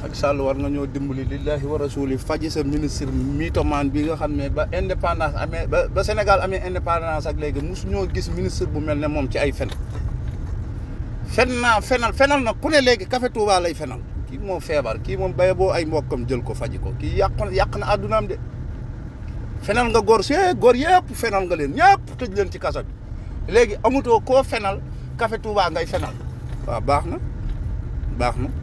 ak Sall war nga ñoo dimbali lillahi wa rasuli faji sa ministre mythomane bi nga xam ne ba indépendance amee ba ba Sénégal amee indépendance ak léegi mosu ñoo gis ministre bu mel ne moom ci ay fen fen fenal fenal nag ku ne léegi Café Touba lay fenal kii moo feebar kii moom bay boo ay mbokkam jël ko faji ko kii yàq yàq na àddunaam de fenal nga góor si eh, góor yëpp fenal nga leen ñëpp tëj leen ci kaso léegi amutoo koo fenal Café Touba ngay fenal waa baax na baax na